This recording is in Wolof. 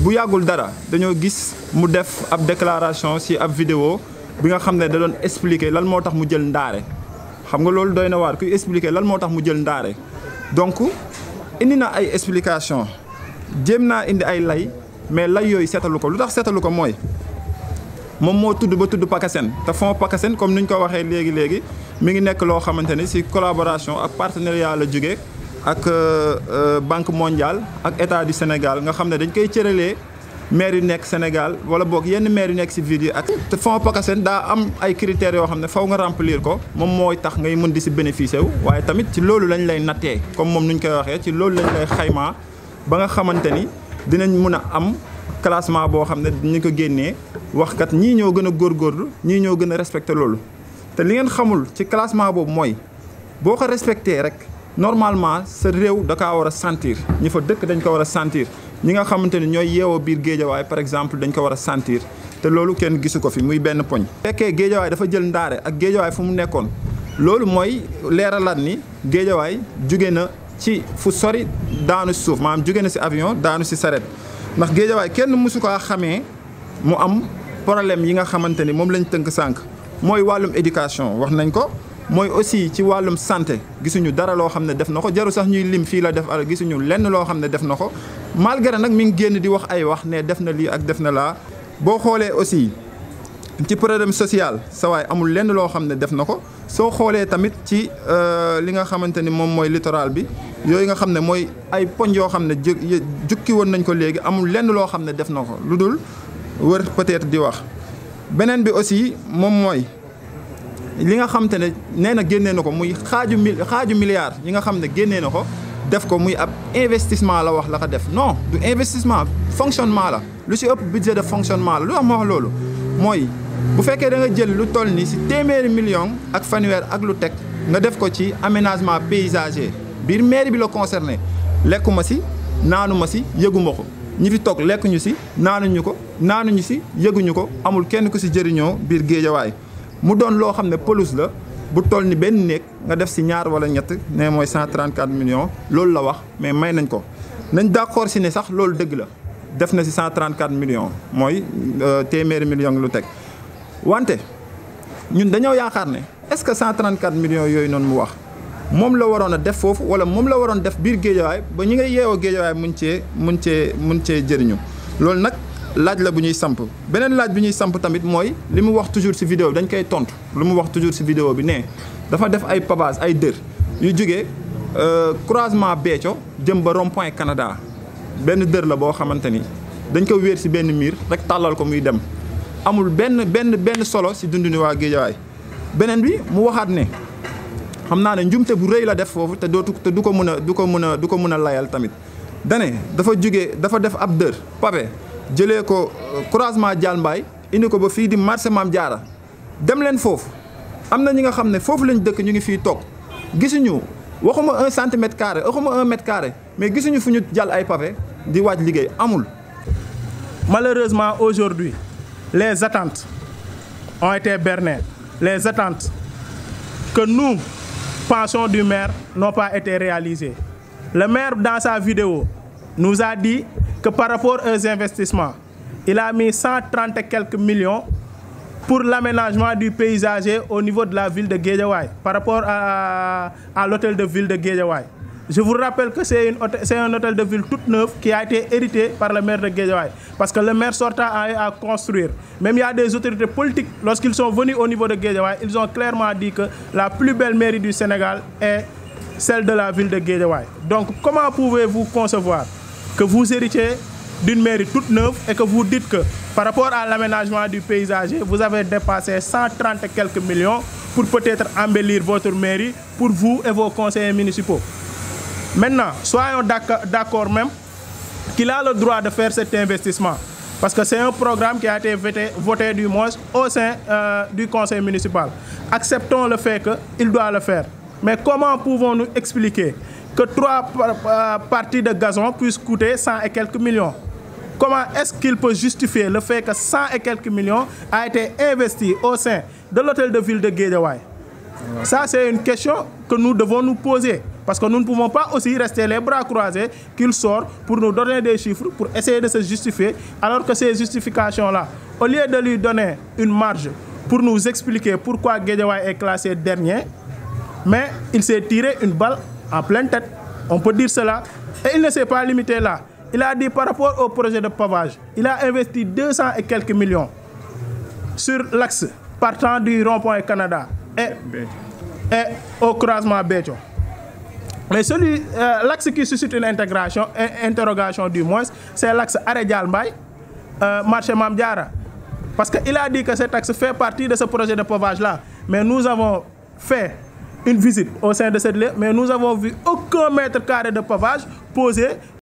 bu yàggul dara dañoo gis mu def ab déclaration ci ab vidéo bi nga xam ne da doon expliquer lan moo tax mu jël ndaare xam nga loolu doy na waar kuy expliquer lan moo tax mu jël ndaare donc indi na ay explication jéem naa indi ay lay mais lay yooyu seetalu ko lu tax seetalu ko mooy moom moo tudd ba tudd PACASEN te fond PACASEN comme ni ñu ko waxee léegi léegi mi ngi nekk loo xamante ni ci collaboration ak partenariat la jógee ak euh, euh, banque mondiale ak état du Sénégal nga xam ne dañ koy cëralee maire yu nekk Sénégal wala boog yenn maire yu nekk si ville yi ak. te fonds PACASEN daa am ay critères yoo xam ne faw nga remplir ko moom mooy tax ngay mën di si bénéficier wu. waaye tamit ci loolu lañ lay nattee comme moom nuñ koy waxee ci loolu lañ lay xaymaa ba nga xamante ni dinañ mun a am. classement boo xam ne dañu ko génnee wax kat ñii ñoo gën a góor góorgóorlu ñii ñoo gën a respecté loolu te li ngeen xamul ci classement boobu mooy boo ko respecté rek normalement sa réew da kaa war a sentir ñi fa dëkk dañ ko war a sentir ñi nga xamante ni ñooy yeewoo biir géejawaay par exemple dañ ko war a sentir te loolu kenn gisu ko fi muy benn poñ. fekkee géejawaay dafa jël ndaare ak géejawaay fu mu nekkoon loolu mooy leeralaat ni géejawaay jóge na ci fu sori daanu si suuf maanaam jóge na si avion daanu si saret ndax géejawaay kenn mësu kaa xamee mu am problème yi nga xamante ni moom lañ tënk sànq mooy wàllum éducation wax nañ ko. mooy aussi ci wàllum sante gisuñu dara loo xam ne def na ko jaru sax ñuy lim fii la def al gisuñu lenn loo xam ne def na ko malgré nag mi ngi génn di wax ay wax ne def na lii ak def na laa boo xoolee aussi ci problème social sa waay amul lenn loo xam ne def na ko soo xoolee tamit ci euh, li nga xamante ni moom mooy littoral bi yooyu nga xam ne mooy ay poñ yoo xam ne jukki woon nañ ko léegi amul lenn loo xam ne def na ko lu dul wër peut di wax beneen bi aussi moom mooy li nga xam ne nee na génnee na ko muy xaaju mil xaaju milliard yi nga xam ne génnee na ko def ko muy ab investissement la wax la ko def non du investissement fonctionnement la lu si ëpp budget de fonctionnement la lu tax ma wax loolu mooy bu fekkee danga jël lu toll ni si téeméeri million ak fanweer ak lu teg nga def ko ci aménagement paysager biir mairie bi la concerné lekkuma ci naanuma si yëguma ko ñi fi toog lekkuñu si naanuñu ko naanuñu si yëguñu ko amul kenn ku si jëriñoo biir géejawaay mu doon loo xam ne pelouse la bu toll ni benn néeg nga def si ñaar wala ñett ne mooy 134 millions loolu la wax mais may nañ ko nañ d'accord si ne sax loolu dëgg la def na si 134 millions mooy euh, téeméeri millions lu teg wante ñun dañoo yaakaar ne est-ce que 134 millions yooyu noonu mu wax moom la waroon a def foofu wala moom la waroon def biir géejawaay ba ñi ngay yeewoo géejawaay mun cee mun cee mun cee jëriñu loolu nag laaj la bu ñuy samp beneen laaj bi ñuy samp tamit mooy li mu wax toujours ci vidéo bi dañ koy tontu lu mu wax toujours ci vidéo bi ne dafa def ay pavage ay dër yu jógee euh, croisement Béthio jëm ba rond-point Canada benn dër la boo xamante ni dañ ko wéer ci benn miir rek tàllal ko muy dem amul benn benn benn solo ci dundinu waa Géejawaay beneen bi mu waxaat ne xam naa ne njumte bu réy la def foofu te dootu te du ko mën a du ko mën a du ko mën a layal tamit dane dafa jóge dafa def ab dër pavé jëlee ko euh, croisement Dial Mbaye indi ko ba fii di marché Maam Diarra dem leen foofu am na ñi nga xam ne foofu lañ dëkk ñu ngi fii toog gisuñu waxuma un centimètre carré axuma un mètre carré mais gisuñu fu ñu jàll ay pavé di waaj liggéey amul. malheureusement aujourd'hui les attentes on été bernées les attentes que nous pensions du maire non pas été réalisées le maire dans sa vidéo nous que par rapport aux investissements, il a mis 130 et quelques millions pour l'aménagement du paysager au niveau de la ville de Guédiawaye par rapport à, à l'hôtel de ville de Guédiawaye. Je vous rappelle que c'est un hôtel de ville toute neuve qui a été hérité par le maire de Guédiawaye parce que le maire sortant a eu à construire. Même il y a des autorités politiques, lorsqu'ils sont venus au niveau de Guédiawaye, ils ont clairement dit que la plus belle mairie du Sénégal est celle de la ville de Guédiawaye. Donc comment pouvez-vous concevoir que vous héritiez d'une mairie toute neuve et que vous dites que par rapport à l'aménagement du paysager, vous avez dépassé 130 et quelques millions pour peut-être embellir votre mairie pour vous et vos conseillers municipaux. Maintenant, soyons d'accord même qu'il a le droit de faire cet investissement parce que c'est un programme qui a été voté, du moins au sein euh, du conseil municipal. Acceptons le fait qu'il doit le faire. Mais comment pouvons-nous expliquer que trois euh, parties de gazon puissent coûter cent et quelques millions comment est-ce qu'il peut justifier le fait que cent et quelques millions a été investi au sein de l'hôtel de ville de Guédiawaye ça c'est une question que nous devons nous poser parce que nous ne pouvons pas aussi rester les bras croisés qu'il sort pour nous donner des chiffres pour essayer de se justifier alors que ces justifications-là au lieu de lui donner une marge pour nous expliquer pourquoi Guédiawaye est classé mais il en pleine tête, on peut dire cela. Et il ne s'est pas limité là. Il a dit par rapport au projet de pavage, il a investi 200 et quelques millions sur l'axe partant du rond-point Canada et, au croisement Bécho. Mais celui, euh, l'axe qui suscite une intégration, une interrogation du moins, c'est l'axe Arédial Mbaye, euh, marché Mamdiara. Parce qu'il a dit que cet axe fait partie de ce projet de pavage là. Mais nous avons fait une visite au sein de cette lieu, mais nous avons vu aucun mètre carré de pavage posé